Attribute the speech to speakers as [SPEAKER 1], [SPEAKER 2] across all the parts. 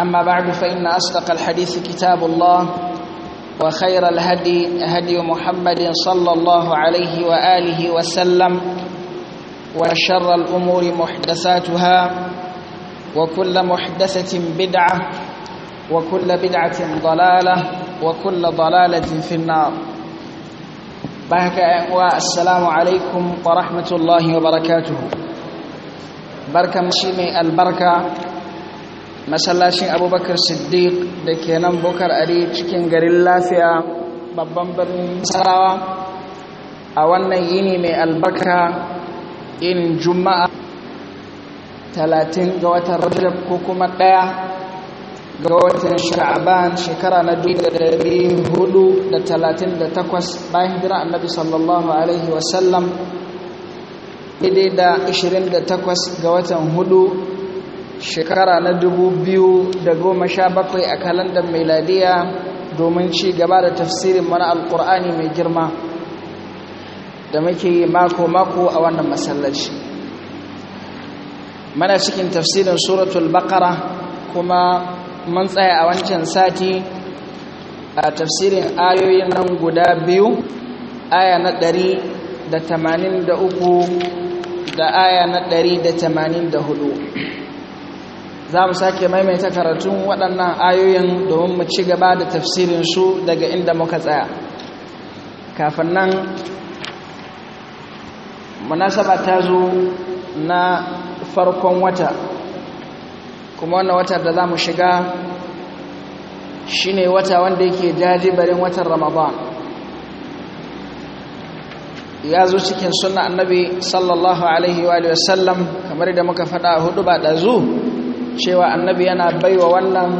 [SPEAKER 1] أما بعد فإن أصدق الحديث كتاب الله وخير الهدي هدي محمد صلى الله عليه وآله وسلم وشر الأمور محدثاتها وكل محدثة بدعة وكل بدعة ضلالة وكل ضلالة في النار بهك والسلام عليكم ورحمة الله وبركاته بركة مشيمي البركة masallacin abubakar siddiq da ke nan bukar ari cikin garin lafiya babban birnin sarawa a wannan yini mai albarka in juma'a talatin ga watan rajab ko kuma ɗaya ga watan sha'aban shekara na takwas bayan hijira annabi sallallahu alaihi wasallam daidai da 28 ga watan hudu shekara na dubu biyu da goma sha bakwai a kalandar ladiya domin ci gaba da tafsirin mana alkur'ani mai girma da muke mako-mako a wannan masallaci mana cikin tafsirin suratul bakara kuma mun tsaya a wancan sati a tafsirin ayoyin nan guda biyu aya na ɗari da tamanin da uku da aya na ɗari da tamanin da hudu za mu sake maimaita karatun waɗannan ayoyin domin mu ci gaba da tafsirinsu daga inda muka tsaya kafin nan munasaba ta zo na farkon wata kuma wannan wata da za mu shiga shine wata wanda yake jajibarin watan ramadan ya zo cikin sunna annabi sallallahu alaihi wa sallam kamar da muka faɗa hudu ba ɗazu cewa annabi yana baiwa wannan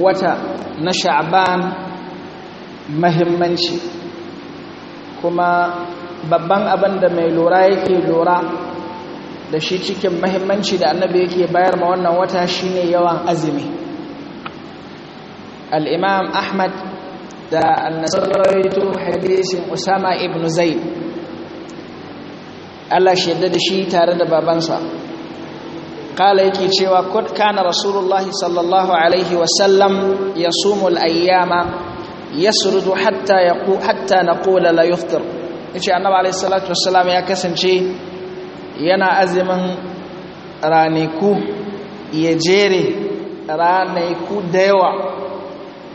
[SPEAKER 1] wata na sha'ban mahimmanci kuma babban abin da mai lura yake lura da shi cikin mahimmanci da annabi yake bayar ma wannan wata shine yawan azumi al-imam ahmad da annasarwaito hadisin usama ibn zaid Allah shi yadda da shi tare da babansa kala yake cewa kod kana rasulullahi sallallahu alaihi wasallam ya sumul ayyama ya surudu hatta na kula la yuftar ya ce annaba alaihi salatu wasallam ya kasance yana azumin raniku ya jere raniku da yawa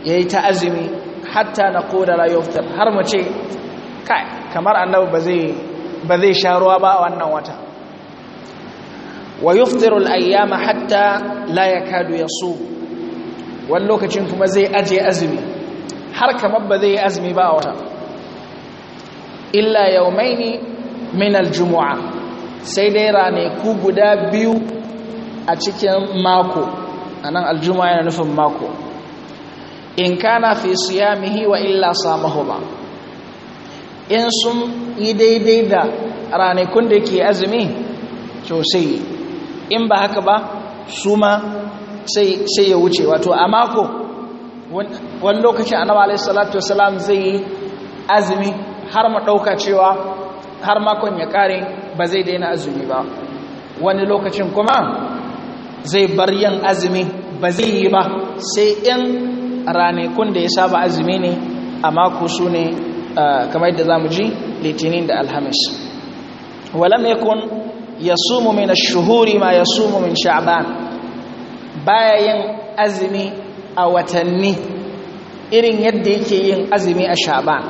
[SPEAKER 1] ya yi ta azumi hatta na kula la yuftar har mu ce kai kamar annaba ba zai sha ruwa ba a wannan wata wa yuftiru al-ayyama hatta la yakadu wani lokacin kuma zai aje azumi har kamar ba zai yi azumi ba a wata illa yawmaini min al sai dai ranaku guda biyu a cikin mako anan al aljumu'a yana nufin mako in kana fi siyamihi wa illa ba in sun yi daidai da ranakun da ke azumi to sai in ba haka ba su ma sai ya wuce wato a mako wani lokacin annaba alaihi salatu wasalam zai yi azumi har ma ɗauka cewa har makon ya ƙare ba zai daina azumi ba wani lokacin kuma zai bar yin azumi ba zai yi ba sai in ranakun da ya saba azumi ne a mako su ne ah, kamar yadda za mu ji litinin da alhamis walam yasumu min ash-shuhuri ma yasumu min sha'ban baya yin azumi a watanni irin yadda yake yin azumi a sha'ban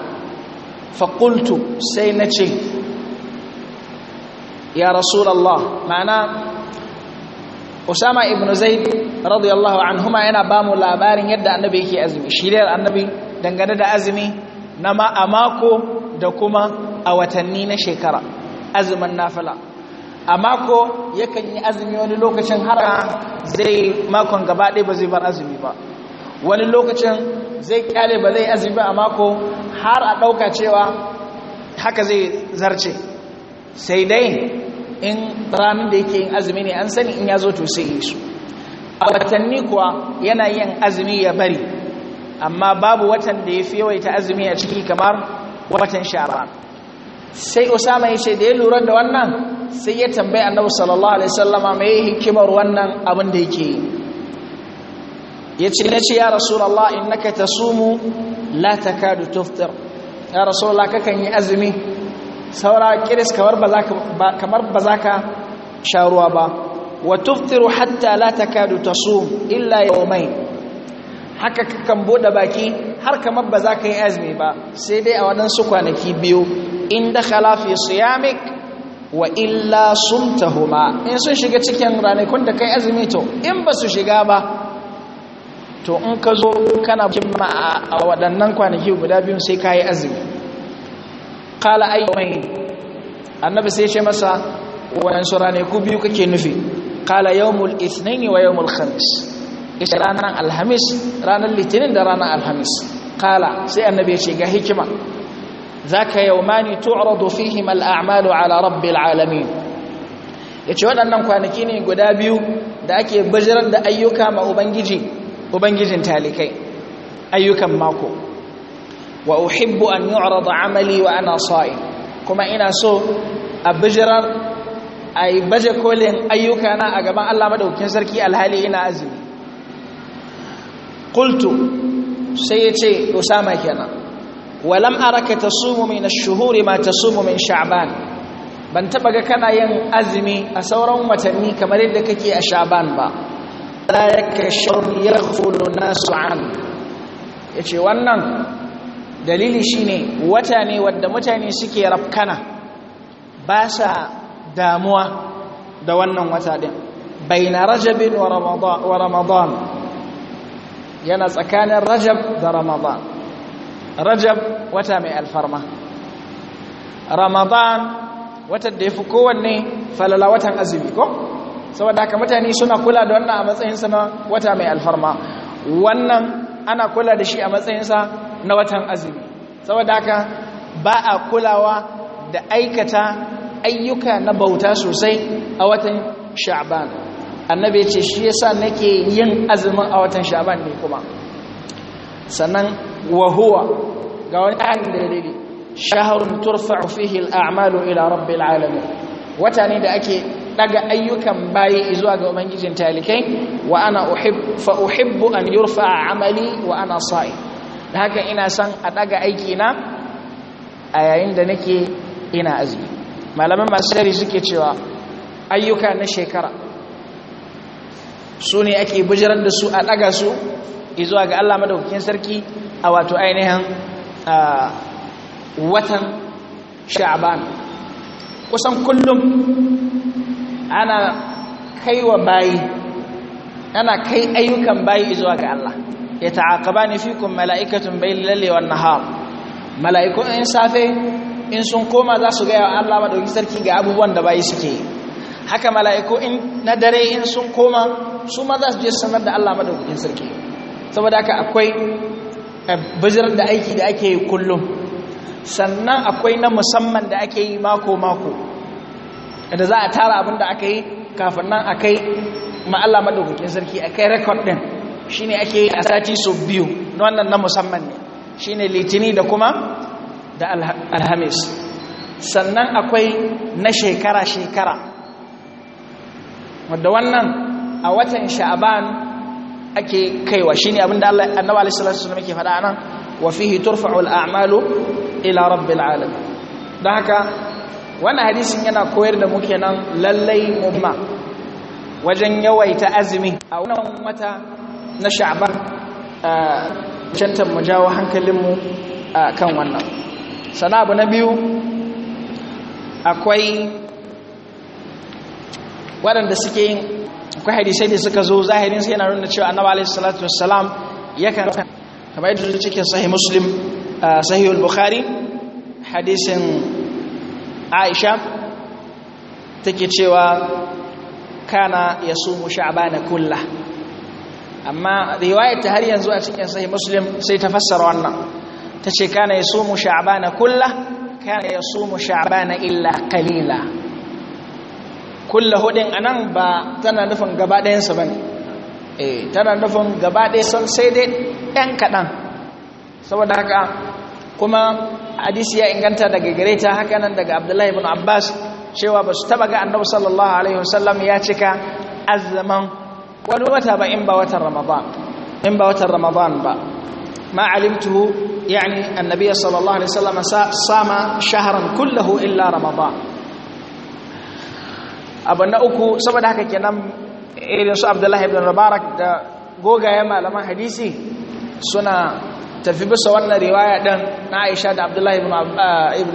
[SPEAKER 1] fa qultu sai nace ya rasulullah ma'ana usama ibn zaid radiyallahu anhuma yana ba mu labarin yadda annabi yake azumi shiriyar annabi dangane da azumi na a mako da kuma a watanni na shekara azumin nafila a mako yakan yi azumi wani lokacin har zai makon gaba ɗaya ba zai bar azumi ba
[SPEAKER 2] wani lokacin
[SPEAKER 1] zai kyale ba zai azumi ba a mako har a ɗauka cewa haka zai zarce sai dai in ramin da yake yin azumi ne an sani in ya zo to sai yi su a watanni kuwa yana yin azumi ya bari amma babu watan da ya fi yawaita azumi a ciki kamar watan sha'ban sai usama ya ce da ya lura da wannan sai ya tambaye annabi sallallahu alaihi wasallama hikimar wannan abin da yake yace nace ya rasulullah innaka tasumu la takadu tuftir ya rasulullah kakan yi azumi saura kiris kamar ba za ka kamar ba za ka sha ruwa ba wa tuftiru hatta la takadu tasum illa yawmayn haka kakan bude baki har kamar ba za ka yi azumi ba sai dai a wadansu kwanaki biyu in dakhala fi siyamik wa illa sumtahuma in sun shiga cikin ranakun da kai azumi to in ba su shiga ba to in ka zo kana kimma a waɗannan kwanaki guda biyun sai ka yi azumi kala ayyamai annabi sai ce masa waɗansu ranaku biyu kake nufi kala yawmul ithnaini wa yawmul khamis ita ranar alhamis ranar litinin da ranar alhamis kala sai annabi ya ce ga hikima yaumani يومان تعرض فيهما الأعمال على رب العالمين yace waɗannan kwanaki ne guda biyu da ake bajirar da ayyuka ma ubangiji ubangijin talikai ayyukan mako wa uhibbu an yu'rada amali wa ana sa'i kuma ina so a bajirar ai baje kolin ayyukana a gaban Allah madaukakin sarki alhali ina azumi Kultu sai yace usama kenan walam araka tasumu min ash-shuhuri ma tasumu min ban taba ga kana yin azumi a sauran watanni kamar yadda kake a sha'ban ba la yakashur yaghfulu nasu an yace wannan dalili shine wata ne wanda mutane suke rafkana ba sa damuwa da wannan wata din baina rajabin wa ramadan yana tsakanin rajab da ramadan rajab wata mai alfarma ramadan watan da ya fi kowanne falala watan azumi ko saboda haka mutane suna kula da wannan a matsayinsa na wata mai alfarma wannan ana kula da shi a matsayinsa na watan azumi saboda haka ba a kulawa da aikata ayyuka na bauta sosai a watan sha'ban annabi ya ce shi yasa nake yin azumin a watan sha'ban ne kuma sannan Wahuwa. huwa ga wani ahalin dalili shaharun turfa'u fihi al'amalu ila rabbil alamin wata ne da ake daga ayyukan bayi zuwa ga ubangijin talikai wa ana uhib fa uhibbu an yurfa'a amali wa ana sa'i haka ina son a daga aiki na a yayin da nake ina azumi malaman masu shari suke cewa ayyuka na shekara su ne ake bijirar da su a daga su zuwa ga Allah madaukakin sarki a wato ainihin watan sha'aban kusan kullum ana kai bayi ana kai ayyukan bayi zuwa ga Allah ya ta'aqaba ni fikum mala'ikatun bayil lalli wan nahar mala'iku in safe in sun koma za su gaya wa Allah dauki sarki ga abubuwan da bayi suke haka mala'iku in na dare in sun koma su ma za su je sanar da Allah dauki sarki saboda haka akwai bijirar da aiki da ake kullum sannan akwai na musamman da ake yi mako-mako da za a tara abin da aka yi kafin nan a kai ma'alla madaukakin sarki a kai rekod ɗin shi ne ake yi a sati sau biyu na wannan na musamman ne shi ne litini da kuma da alhamis sannan akwai na shekara-shekara wadda wannan a watan sha'aban ake kaiwa shine abinda Allah annabi alaihi salatu wasallam yake faɗa anan wa fihi turfa'u al'amalu, amalu ila rabbil alamin dan haka wannan hadisin yana koyar da mu kenan lallai mumma wajen yawaita azumi a wannan wata na sha'ban eh, cancan mu jawo hankalinmu eh, kan wannan sana abu na biyu akwai waɗanda suke yin akwai hadisai da suka zo zahirin sai yana nuna cewa annabi alaihi salatu wassalam yakan kamar yadda cikin sahih muslim sahih al-bukhari hadisin aisha take cewa kana yasumu sha'bana kulla amma riwayar ta har yanzu a cikin sahih muslim sai ta fassara wannan tace kana yasumu sha'bana kulla kana yasumu sha'bana illa qalila kulla hudin a nan ba tana nufin gaba ɗayansa ba ne eh tana nufin gaba ɗaya sai dai ɗan kaɗan saboda haka kuma hadisi ya inganta daga gare ta haka nan daga abdullahi ibn abbas cewa ba su taɓa ga annabi sallallahu alaihi wasallam ya cika azzaman wani wata ba in ba watan ramadan in ba watan ramadan ba ما علمته يعني النبي صلى الله عليه وسلم صام شهرا illa إلا رمضان abu na uku saboda haka kenan irin su abdullahi ibn mubarak da gogaye malaman hadisi suna tafi bisa wannan riwaya din na Aisha da Abdullahi ibn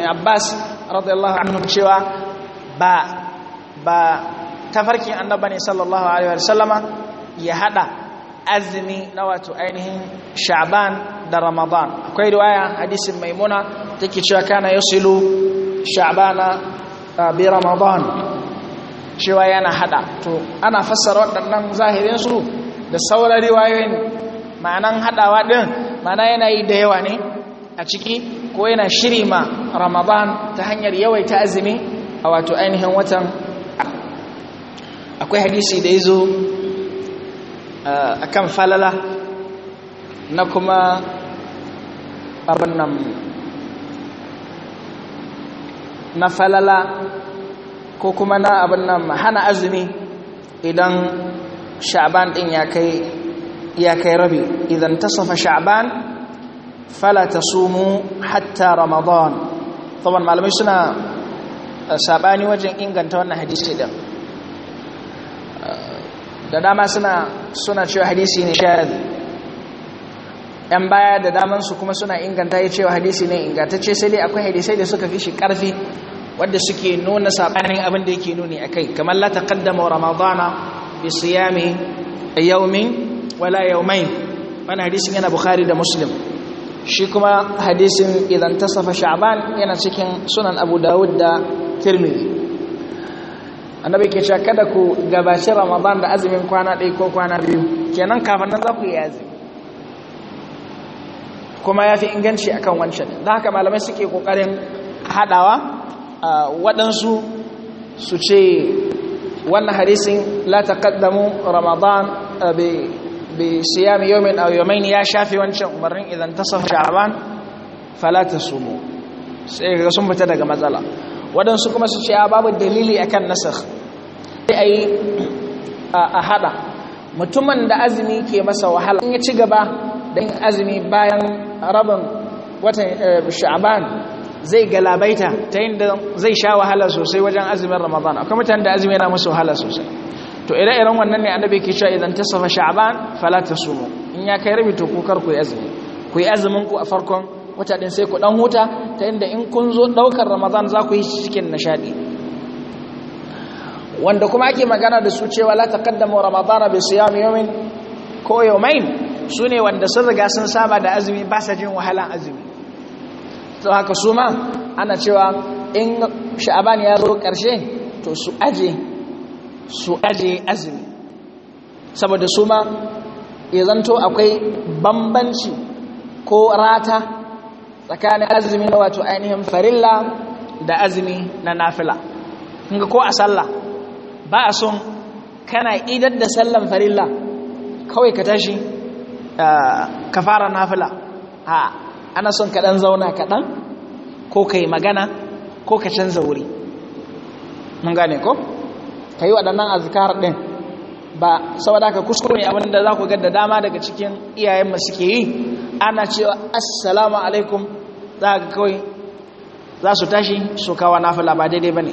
[SPEAKER 1] ah, Abbas radiyallahu anhu cewa ba ba tafarkin annabi ne sallallahu alaihi wasallama ya hada azumi na wato ainihin Sha'ban da Ramadan akwai riwaya hadisin Maimuna take cewa kana yusilu Sha'bana ah, bi Ramadan cewa yana hada to ana fassara waɗannan zahirin su da saurari riwayoyin ma'anan hadawa ɗin ma'ana yana yi da yawa ne a ciki ko yana shiri ma ramadan ta hanyar yawaita azumi a wato ainihin watan akwai hadisi da ya zo eh, a kan falala na kuma abin nan na falala ko kuma na abin nan hana azumi idan sha'ban din ya kai ya kai rabi idan tasafa sha'ban fala tasumu hatta ramadan taban malamai suna eh, sabani wajen inganta wannan hadisi din eh, da dama suna suna cewa hadisi ne shadid ‘yan baya da damansu kuma suna inganta ya cewa hadisi ne ingantacce sai dai akwai hadisai da suka fi shi ƙarfi Wanda suke nuna sabanin abin da yake nuni akai kamar la taqaddama ramadana bi siyami yawmin wala yawmain wannan hadisin yana bukhari da muslim shi kuma hadisin idan tasafa sha'ban yana cikin sunan abu dawud da tirmidhi annabi ke cewa kada ku gabace ramadan da azumin kwana ɗaya ko kwana biyu kenan kafin nan za ku yi azumi kuma ya fi inganci akan wancan da haka malamai suke ƙoƙarin haɗawa waɗansu su ce wannan hadisin la kaddamu ramadan bi siyam yawmin yau. yawmayn ya shafi wancan umarnin idan tasaf falata su mu sai ga sun fita daga matsala waɗansu kuma su ce a babu dalili akan nasar. sai ayi a hada mutumin da azumi ke masa wahala in ya ci gaba da yin azumi bayan rabin watan eh, sha'ban zai galabaita ta inda zai sha wahala sosai wajen azumin ramadana akwai mutane da azumi yana musu wahala sosai to ire-iren wannan ne annabi ke cewa idan tasafa sha'ban fala tasumu in ya kai rabi to ku kar ku yi azumi ku yi azumin ku a farkon wata din sai ku dan huta ta inda in kun zo daukar ramadan za ku yi cikin nishadi wanda kuma ake magana da su cewa la taqaddamu ramadana bi siyam yawmin ko yawmain sune wanda sun riga sun saba da azumi ba sa jin wahalan azumi To haka su ma ana cewa in sha'aban ya zo ƙarshe to su aje su aje azumi saboda su ma ya zanto akwai bambanci ko rata tsakanin azumi na wato ainihin farilla da azumi na nafila kinga ko a sallah ba a son kana idar da sallan farilla kawai ka tashi eh, ka fara nafila a ana son ka ɗan zauna kaɗan ko ka magana ko ka canza wuri mun gane ko ka yi waɗannan azkar ɗin ba saboda ka kuskure abin da za ku ga da dama daga cikin iyayenmu suke yi ana cewa assalamu alaikum za ka kawai za su tashi su kawo nafila ba daidai ba ne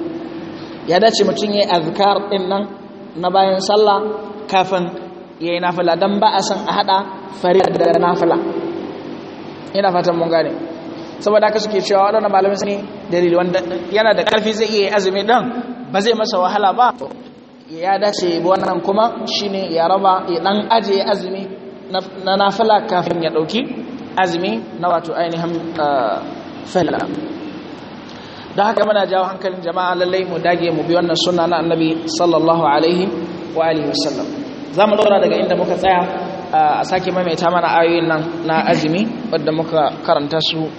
[SPEAKER 1] ya dace mutum ya yi azkar ɗin nan na bayan sallah kafin ya yi nafila don ba a san a haɗa fari da nafila yana fatan mun gane saboda haka suke cewa waɗannan malamin sani dalili wanda yana da ƙarfi zai iya azumi dan ba zai masa wahala ba ya dace wannan kuma shine ya raba ya dan aje azumi na nafila kafin ya ɗauki azumi na wato ainihin ah, fala don haka muna jawo hankalin jama'a lallai mu dage mu bi wannan sunna na annabi sallallahu alaihi wa alihi wasallam zamu dora daga inda muka tsaya a sake maimaita mana ayoyin nan na azumi wadda muka karanta su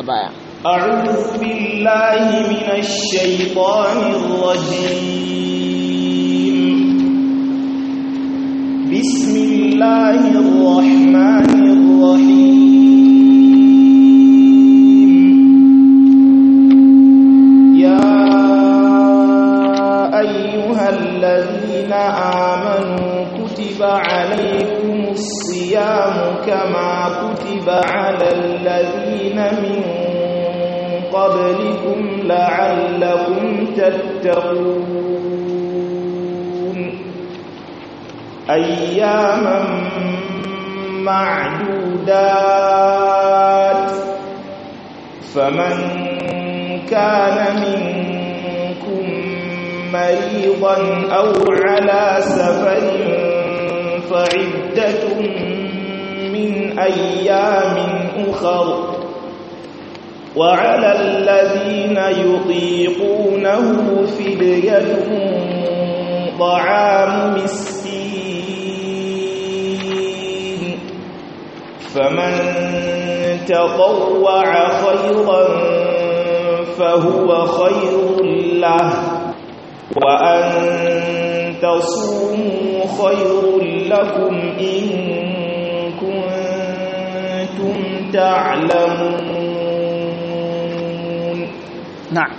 [SPEAKER 1] a baya بسم الله الرحمن Ya يا أيها الذين آمنوا كتب عليكم الصيام كما كتب على الذين من قبلكم لعلكم
[SPEAKER 2] تتقون أياما معدودات فمن
[SPEAKER 1] كان منكم مريضا أو على سفر فعدة من أيام أخر وعلى الذين يطيقونه فدية طعام مسكين فمن تطوع خيرا فهو خير له وأن تصوموا خير لكم إن كنتم تعلمون نعم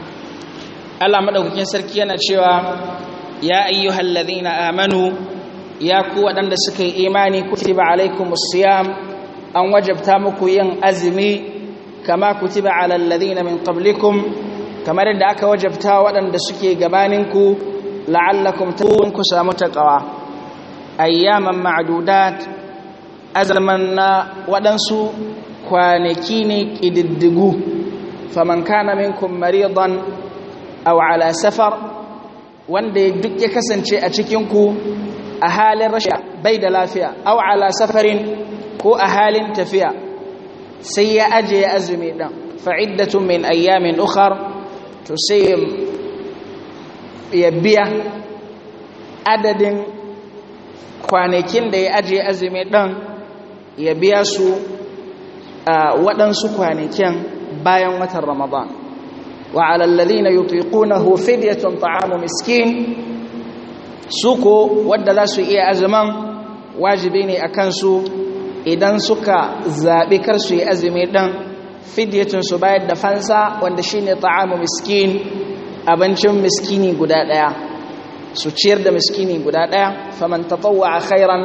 [SPEAKER 1] الله مدوكين yana cewa ya ayyuhal ladhina amanu ya ku wadanda suka yi imani kutiba alaikumus siyam an wajabta muku yin azumi kama kutiba alal ladhina min qablikum kamar da aka wajabta wadanda suke gabaninku la'allakum taqun ku samu taqwa ayyaman ma'dudat azalman na wadansu kwanaki ne ƙididdigu faman kana minkum maridan aw safar wanda duk ya kasance a cikinku a halin rashiya? bai da lafiya A ala safarin ko a halin tafiya sai ya aje ya azumi ɗan fa'iddatun min ayyamin ukhar to sai ya biya adadin kwanakin da ya aje azumi ɗan ya biya su waɗansu kwanakin bayan watan ramadan wa alalladi na yi yutiqunahu fidyatun ta'amu miskin suko wadda za su iya azuman wajibi ne a kansu idan suka zaɓi kar su yi azumi ɗan fidyatun su bayar da fansa wanda shi ne ta'amu miskin abincin miskini guda ɗaya su ciyar da miskini guda ɗaya faman tsawo a khairan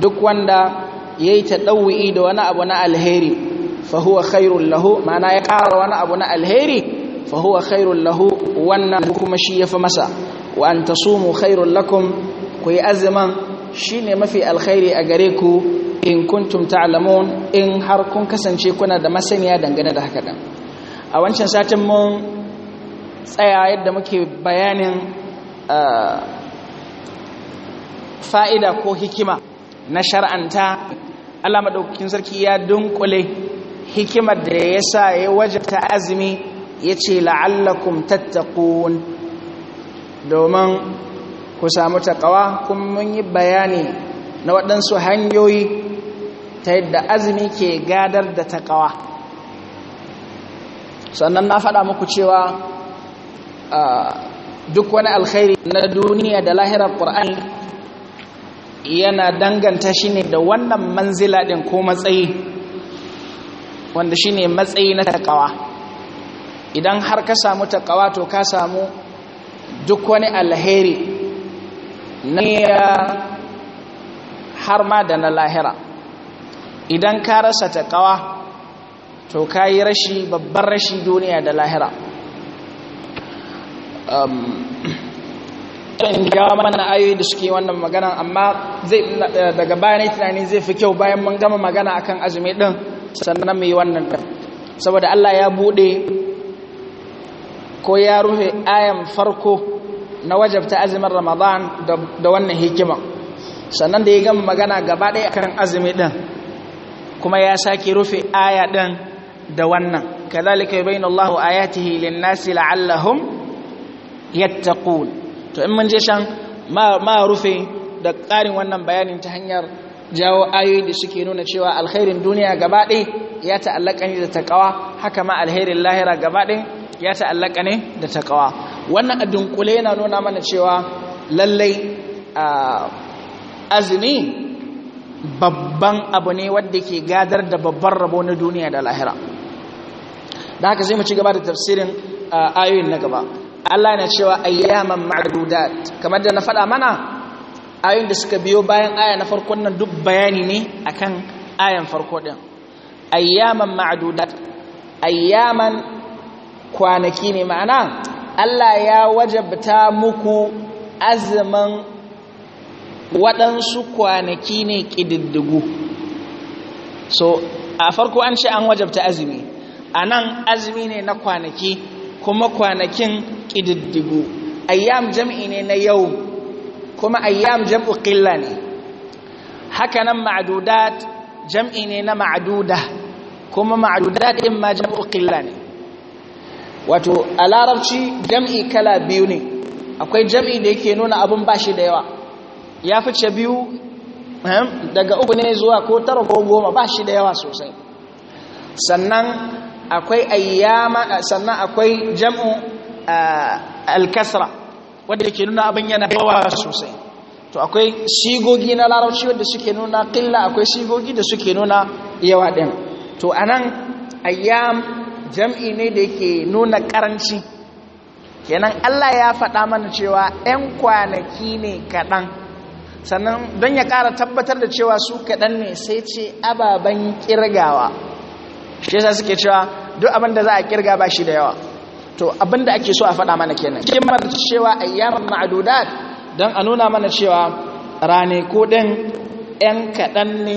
[SPEAKER 1] duk wanda ya yi taɗawu'i da wani abu na alheri fa huwa lahu ma'ana ya ƙara wani abu na alheri fa huwa lahu wannan kuma shi yafi masa wa an tasumu khairul lakum ku yi azuman shine mafi alkhairi a gare ku in kuntum ta'lamun in har kun kasance kuna da masaniya dangane da haka dan a wancan satin mun tsaya yadda muke bayanin fa'ida ko hikima na shar'anta Allah maɗaukakin sarki ya dunkule hikimar da ya sa ya ta azumi ya ce la'allakum tattakun domin ku samu takawa kuma mun yi bayani na waɗansu hanyoyi ta yadda azumi ke gadar da takawa sannan na faɗa muku cewa duk wani alkhairi na duniya da lahirar ƙwar'ani yana danganta shi ne da wannan manzila ɗin ko matsayi wanda shine matsayi na takawa idan har ka samu takawa to ka samu duk wani alheri na har ma da na lahira idan ka rasa takawa to ka yi rashi babban rashi duniya da lahira um, in gawa mana ayoyi da suke wannan magana amma daga bayan tunani zai fi kyau bayan mun gama magana akan azumi ɗin. sannan mai wannan ta saboda Allah ya bude ko ya rufe ayan farko na wajabta azumin ramadan da wannan hikima sannan da ya gama magana gaba ɗaya kan azumi ɗin kuma ya sake rufe aya ɗin da wannan kazalika yubayyin Allah ayatihi lin-nasi la'allahum yattaqun to in mun je shan ma rufe da ƙarin wannan bayanin ta hanyar jawo ayoyi da suke nuna cewa alkhairin duniya gaba ya ta'allaka ne da taqwa haka ma alherin lahira gaba ya ta'allaka ne da taqwa wannan a dunkule yana nuna mana cewa lallai azumi babban abu ne wadda ke gadar da babban rabo na duniya da lahira da haka zai mu ci gaba da tafsirin ayoyin na gaba Allah yana cewa ayyaman ma'dudat kamar da na faɗa mana ayoyin da suka biyo bayan aya na farkon nan duk bayani ne akan ayan farko din ayyaman ma'dudat ayyaman kwanaki ne ma'ana Allah ya wajabta muku azumin waɗansu kwanaki ne ƙididdigu so a farko an ce an wajabta azumi a nan azumi ne na kwanaki kuma kwanakin ƙididdigu ayyam jam'i ne na yau kuma ayyam jam'u qilla ne haka nan ma'dudat jam'i ne na ma'duda kuma ma'dudat in ma jam'u qilla ne wato a larabci jam'i kala biyu ne akwai jam'i da yake nuna abun bashi da yawa ya fice biyu ehm, daga uku ne zuwa ko tara ko goma ba da yawa sosai sannan akwai ayyama sannan akwai jam'u eh, alkasra wanda yake nuna abin yana yawa sosai to akwai sigogi na larabci wanda suke nuna ƙilla akwai sigogi da suke nuna yawa din to anan ayyam jam'i ne da yake nuna karanci kenan Allah ya faɗa mana cewa 'yan kwanaki ne kaɗan sannan don ya ƙara tabbatar da cewa su kaɗan ne sai ce ababen ƙirgawa shi yasa suke cewa duk abin da za a ƙirga ba shi da yawa to abinda ake so a faɗa mana kenan kimar cewa ayyaman ma'adudat don a nuna mana cewa rane ko ɗin 'yan kaɗan ne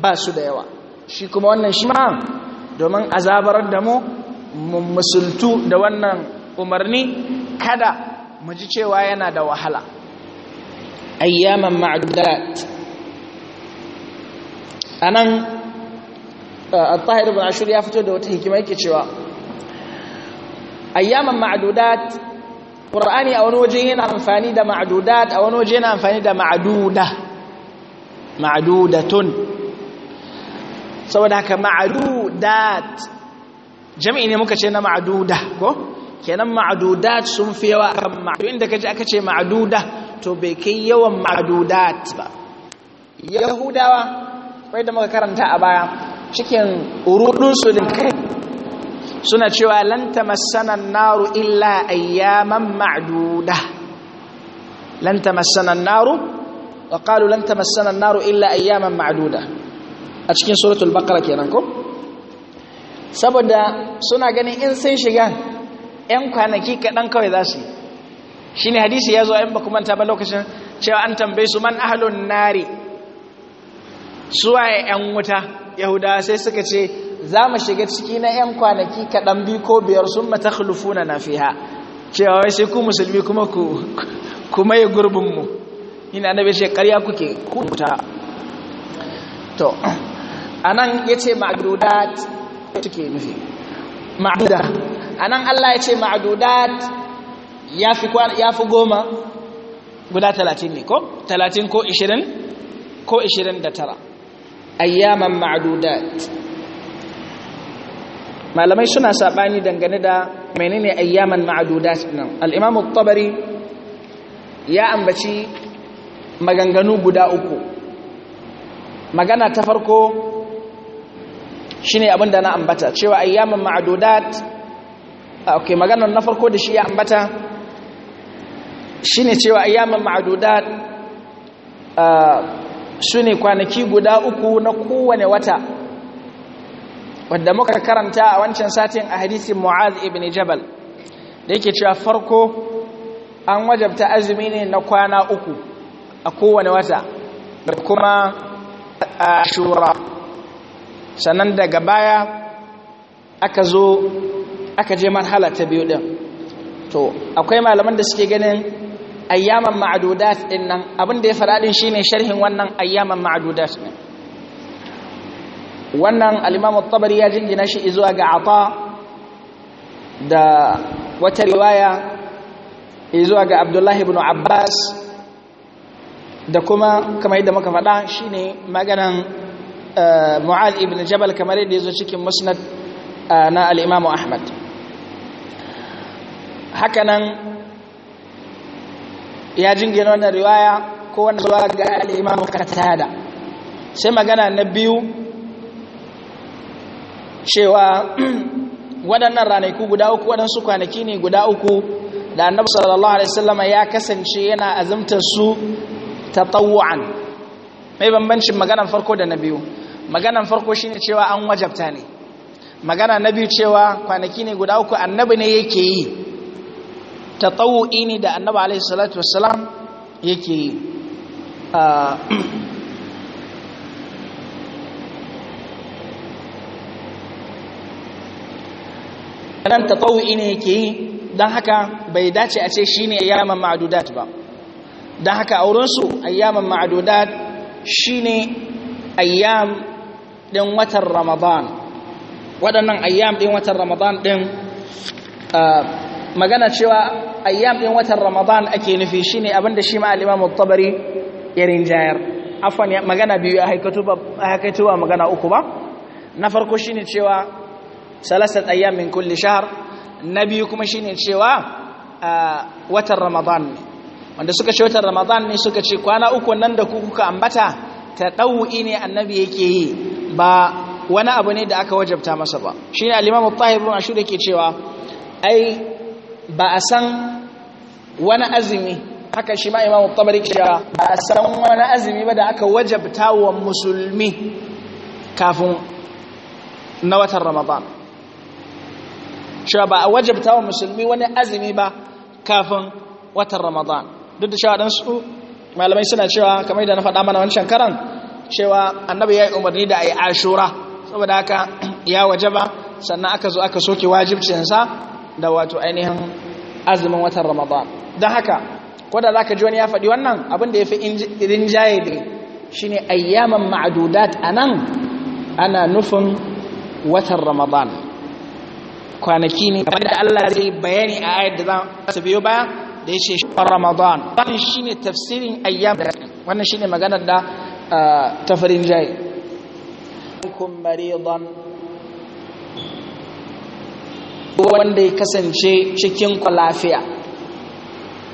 [SPEAKER 1] ba su da yawa shi kuma wannan shi ma domin zabarar da mu musultu da wannan umarni kada mu ji cewa yana da wahala ayyamar ma'adudat a nan a tahir bin ya fito da wata hikima yake cewa ayyaman ma'adudat ƙur'ani a wani waje yana amfani da ma'adudat a wani waje yana amfani da ma'aduda ma'adudatun saboda haka ma'adudat jami'i ne muka ce na ma'aduda ko kenan ma'adudat sun fi yawa akan ma'adudat inda kaji aka ce ma'aduda to bai kai yawan ma'adudat ba yahudawa bai da muka karanta a baya cikin urudunsu din kai suna cewa lan tamassana naru illa ayyaman ma'duda lan tamassana naru wa qalu lan tamassana naru illa ayyaman ma'duda a cikin suratul baqara kenan ko saboda suna ganin in sun shiga yan kwanaki kaɗan kawai za su shine hadisi ya zo in ba kuma ta ba lokacin cewa an tambaye su man ahlun nari suwaye yan wuta yahudawa sai suka ce za mu shiga ciki na 'yan kwanaki kaɗan biyu ko biyar sun matakhulufuna na fiha cewa wai sai ku musulmi kuma ku kuma yi gurbinmu ina na bishe ƙarya kuke kuta to a nan ya ce ma'adudat tuke nufi ma'aduda a nan Allah ya ce ma'adudat ya fi goma guda talatin ne ko talatin ko ishirin ko ishirin da tara ayyaman ma'adudat malamai suna saɓani dangane da menene ayyaman ma'adudat nan al'imamu tabari ya ambaci maganganu guda uku magana ta farko shine abinda na ambata cewa ayyaman ma'adudat ah, ok magana na farko da shi ya ambata shine cewa ayyaman ma'adudat ah, su ne kwanaki guda uku na kowane wata wadda muka karanta a wancan satin a hadisin mu'az ibn jabal da yake cewa farko an wajabta azumi ne na kwana uku a kowane wata da kuma ashura sanan daga baya aka zo aka je marhala ta biyu din to akwai malaman da suke ganin ayyaman ma'adudat din nan abin da ya faradin shine sharhin wannan ayyaman ma'adudat din wannan al tabari ya jingina shi zuwa ga ata da wata riwaya zuwa ga abdullahi ibn abbas da kuma kama yadda muka faɗa ne maganan eh, mu'ad ibn jabal kamar yadda zo cikin musnad eh, na al ahmad hakanan ya jingina wannan riwaya ko zuwa ga al katada sai magana na biyu cewa waɗannan ranaku guda uku waɗansu kwanaki ne guda uku da annabu sallallahu alaihi wasallam ya kasance yana azumtar su tatawu'an mai bambancin maganan farko da na biyu maganan farko shi ne cewa an wajabta ne magana na biyu cewa kwanaki ne guda uku annabi ne yake yi ta tatawu'i ne da annabu alaihi salatu wassalam yake yi ah,
[SPEAKER 2] nan tatawu'i ne yake yi
[SPEAKER 1] don haka bai dace a ce shi ne ayyaman ma'adudat ba don haka aurensu ayyaman ma'adudat shi ne ayyam ɗin watan ramadan waɗannan ayyam ɗin watan ramadan ɗin magana cewa ayyam ɗin watan ramadan ake nufi shi ne abinda shi ma'alima mutabari ya rinjayar afon magana biyu a haikatuwa magana uku ba na farko shi ne cewa salasat ayyam min kulli shahr nabi kuma shine cewa watan ramadan ne wanda suka ce watan ramadan ne suka ce kwana uku nan da ku kuka ambata ta ɗau'i ne annabi yake yi ba wani abu ne da aka wajabta masa ba shine al-imam at-tahir ibn ashur yake cewa ai ba a san wani azumi haka shi ma imam at-tabari cewa ba a san wani azumi ba da aka wajabta wa musulmi kafin na watan ramadan cewa ba a wajabta wa musulmi wani azumi ba kafin watan ramadan duk da cewa ɗansu malamai suna cewa kamar da na faɗa mana wancan karan cewa annabi ya yi umarni da a yi ashura saboda haka ya wajaba sannan aka zo aka soke wajibcinsa da wato ainihin azumin watan ramadan don haka da za ka ji wani ya faɗi wannan abin da ya fi rinjaye ne shi ne ayyaman ma'adudat a nan ana nufin watan ramadan kwanaki ne kamar da Allah zai bayani a ayar da zan su biyo baya da ya ce Ramadan wannan shine tafsirin ayyam da wannan shine maganar da ah, tafarin jayi kun maridan wanda ya kasance cikin ku lafiya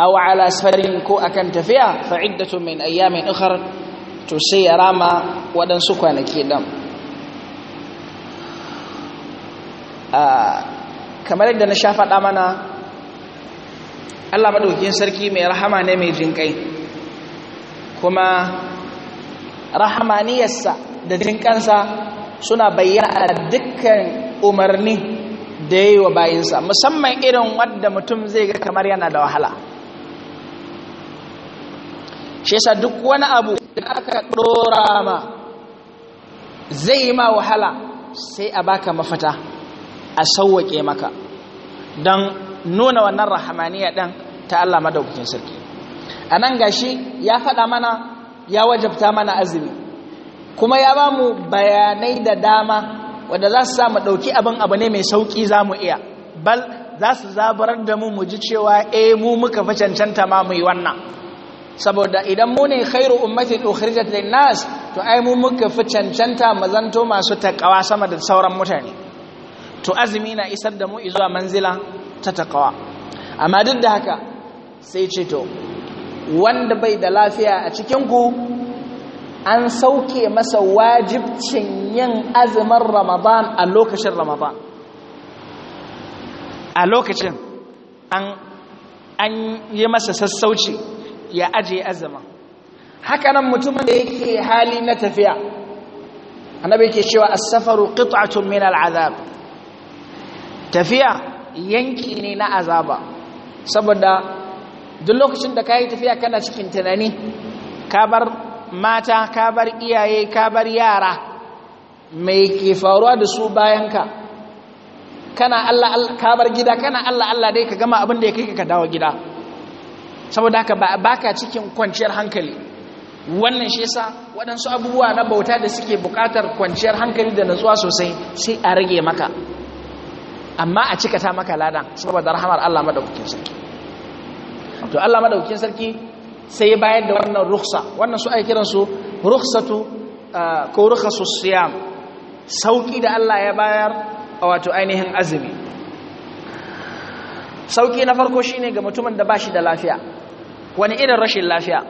[SPEAKER 1] aw ala safarin ko akan tafiya fa iddatu min ayyamin ukhra to sai ya rama wadansu kwanaki dan Ah, kamar yadda na sha faɗa mana Allah maɗaukin sarki mai rahama ne mai jinƙai kuma rahamaniyarsa da jinƙansa suna bayyana a dukkan umarni da ya yi wa bayinsa musamman irin wadda mutum zai ga kamar yana da wahala shi yasa duk wani abu da aka ɗora ma zai yi ma wahala sai a baka mafata a sauwaƙe maka don nuna wannan rahamaniya ɗan ta Allah madaukakin sarki a nan gashi ya faɗa mana ya wajabta mana azumi kuma ya ba mu bayanai da dama wadda za su mu ɗauki abin abu ne mai sauƙi za mu iya bal za su zabarar da mu mu ji cewa e mu muka fi cancanta ma mu yi wannan saboda idan mu ne khairu ummatin ukhrijat lin nas to ai mu muka fi cancanta mu zanto masu takawa sama da sauran mutane to azumi na isar da mu zuwa manzila ta takawa amma duk da haka sai ce to wanda bai da lafiya a cikinku an sauke masa wajibcin yin azumin ramadan a lokacin ramadan a lokacin an yi masa sassauci ya ajiye azumin nan mutumin da yake hali na tafiya annabi yake cewa as-safaru qit'atun min al-azab tafiya yanki ne na azaba saboda duk lokacin da ka yi tafiya kana cikin tunani ka bar mata ka bar iyaye ka bar yara mai ke faruwa da su bayanka kana Allah ka bar gida kana Allah Allah dai ka gama abin da ya kai ka dawo gida saboda haka ba ka cikin kwanciyar hankali wannan shi yasa waɗansu abubuwa na bauta da suke buƙatar kwanciyar hankali da natsuwa sosai sai a rage maka amma a cika ta maka ladan saboda rahamar Allah madaukakin sarki to Allah madaukakin sarki sai ya bayar da wannan ruksa wannan su ake kiran rukhsatu ah, ko rukhasus siyam sauki da Allah ya bayar a wato ainihin azumi sauki na farko shine ga mutumin da bashi da lafiya wani irin rashin lafiya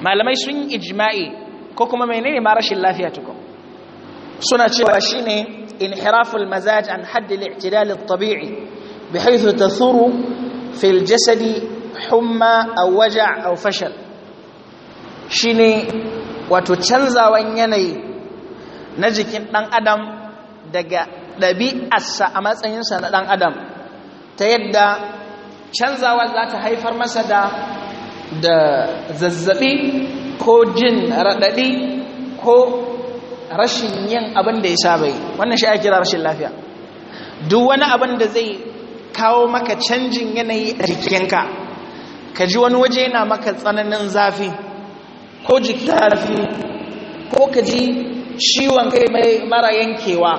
[SPEAKER 1] malamai sun yi ijma'i ko kuma menene ma rashin lafiya tukun suna cewa shine inhiraful mazaj an haddil al-i'tidal bi tabii bihaythu tathuru fi jasadi humma a waje aw fashal shine wato canzawan yanayi na jikin ɗan adam daga ɗabi'arsa a matsayinsa na ɗan adam ta yadda canzawa za ta haifar masa da da zazzabi ko jin raɗaɗi ko rashin yin abin da ya saba yi wannan shi ake kira rashin lafiya duk wani abin da zai kawo maka canjin yanayi a jikinka ka ji wani waje yana maka tsananin zafi ko jiki zafi ko ka ji ciwon kai mai mara yankewa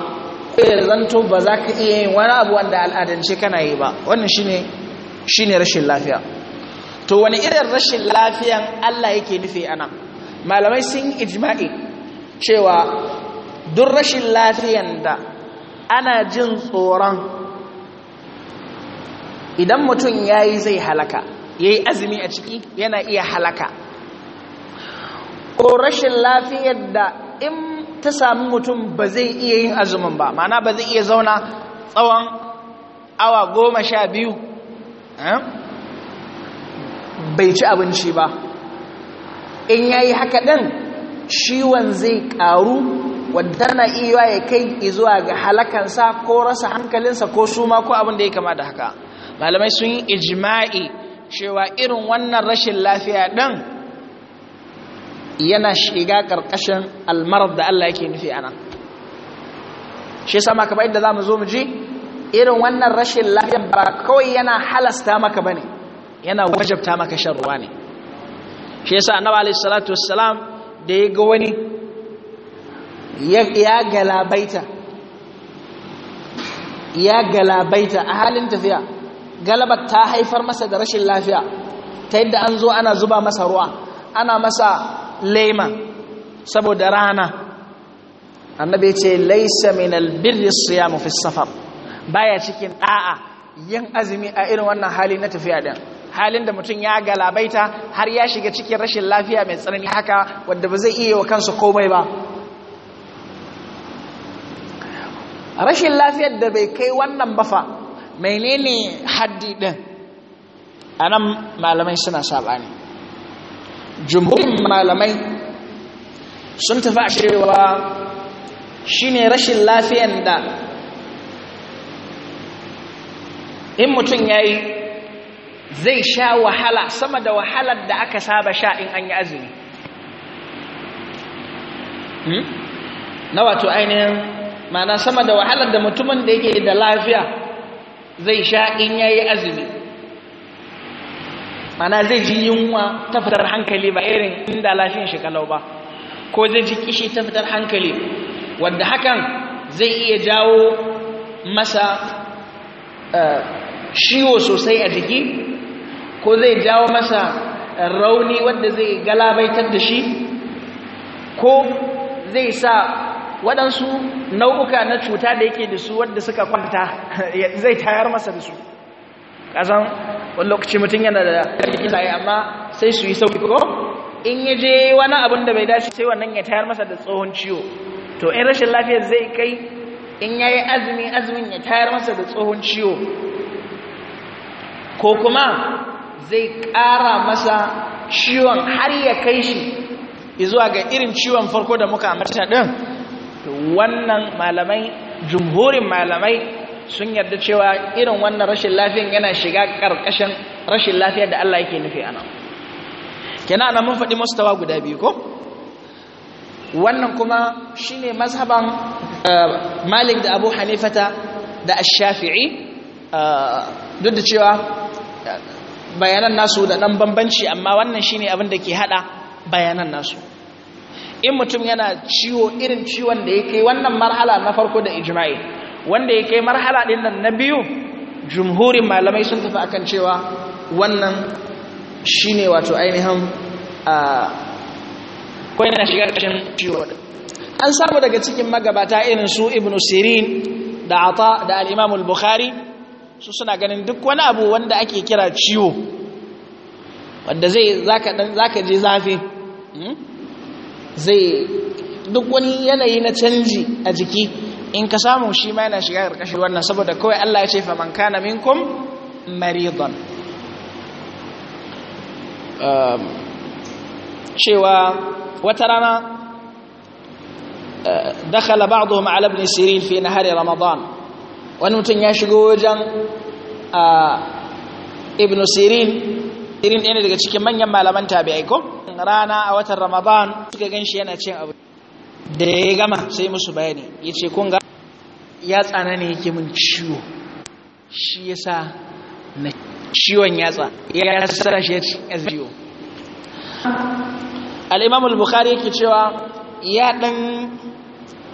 [SPEAKER 1] ko ya zanto ba za ka iya yin wani abu wanda al'adance kana yi ba wannan shi ne rashin lafiya to wani irin rashin lafiyan Allah yake nufi ana malamai sun ijma'i cewa duk rashin lafiyan da ana jin tsoron idan mutum ya yi zai halaka ya yi azumi a ciki yana iya halaka ko rashin lafiyar da in ta sami mutum ba zai iya yin azumin ba mana ba zai iya zauna tsawon awa goma sha biyu eh, bai ci abinci ba in ya yi haka ɗin ciwon zai ƙaru wadda na iya ya kai izuwa ga halakansa ko rasa hankalinsa ko suma ko abin da ya kama da haka malamai sun yi ijima'i cewa irin wannan rashin lafiya ɗin yana shiga ƙarƙashin almarar da Allah yake nufi ana shi sama kamar yadda za mu zo mu ji irin wannan rashin lafiya ba kawai yana halasta maka ba ne yana wajabta maka shan ne shi yasa annabi alayhi salatu wassalam da ya ga wani ya galabaita ya galabaita a halin tafiya galabar ta haifar masa da rashin lafiya ta yadda an zo ana zuba masa ruwa ana masa laima saboda rana annabi ce laisa min albirri siyamu fi safar baya cikin da'a yin azumi a irin wannan hali na tafiya din halin da mutum ya galabaita har ya shiga cikin rashin lafiya mai tsanani haka wanda ba zai iya wa kansu komai ba rashin lafiyar da bai kai wannan bafa mai nene haddi din nan malamai suna sabani jumhurin malamai sun tafi cewa shine rashin lafiyar da in mutum ya yi zai sha wahala sama da wahalar da aka saba sha in an yi azumi hmm? na wato ainihin mana sama da wahalar da mutumin da yake da lafiya zai sha in ya yi azumi mana zai ji yunwa ta fitar hankali ba irin inda lafiyan shi kalau ba ko zai ji kishi ta fitar hankali wadda hakan zai iya jawo masa eh, ciwo sosai a jiki ko zai jawo masa rauni wanda zai galabaitar da shi ko zai sa waɗansu nau'uka na cuta da yake da su wadda suka kwanta zai tayar masa da su ƙasan wani lokaci mutum yana da ƙarfi sai amma sai su yi sauki ko in ya je wani abin da bai dace sai wannan ya tayar masa da tsohon ciwo to in rashin lafiyar zai kai in ya yi azumi azumin ya tayar masa da tsohon ciwo ko kuma zai ƙara masa ciwon har ya kai shi zuwa ga irin ciwon farko da muka amurta ɗin wannan malamai jumhurin malamai sun yarda cewa irin wannan rashin lafiyan yana shiga ƙarƙashin rashin lafiyar da Allah yake nufi ana kena ana mun faɗi mustawa guda biyu ko wannan kuma shine mazhaban eh, malik da abu hanifata da ash-shafi'i eh, duk da cewa bayanan nasu da nan bambanci amma wannan shine abin da ke hada bayanan nasu in mutum yana ciwo irin ciwon da ya kai wannan marhala na farko da ijma'i wanda ya kai marhala din nan na biyu jumhurin malamai sun tafi akan cewa wannan shine wato ainihin kawai na shiga ƙarshen ciwo an samu daga cikin magabata irin su ibnu sirin da ata da al'imamul bukhari su suna ganin duk wani abu wanda ake kira ciwo wanda zai zaka je zafi hmm? zai duk wani yanayi na canji a jiki in ka samu shi ma yana shiga ƙarƙashin wannan saboda kawai Allah ya ce faman kana minkum maridan um, cewa wata rana uh, dakhala ba'dhum ala ibn sirin fi nahari ramadan wani mutum ya shigo wajen a ibn sirin irin ɗaya daga cikin manyan malaman tabi'ai ko rana a watan ramadan suka gan shi yana cin abu da ya gama sai musu bayani ya ce kun ga ya tsana ne yake min ciwo shi ya sa na ciwon yatsa ya sa shi ya ci ziyo al'imamul bukhari yake cewa ya ɗan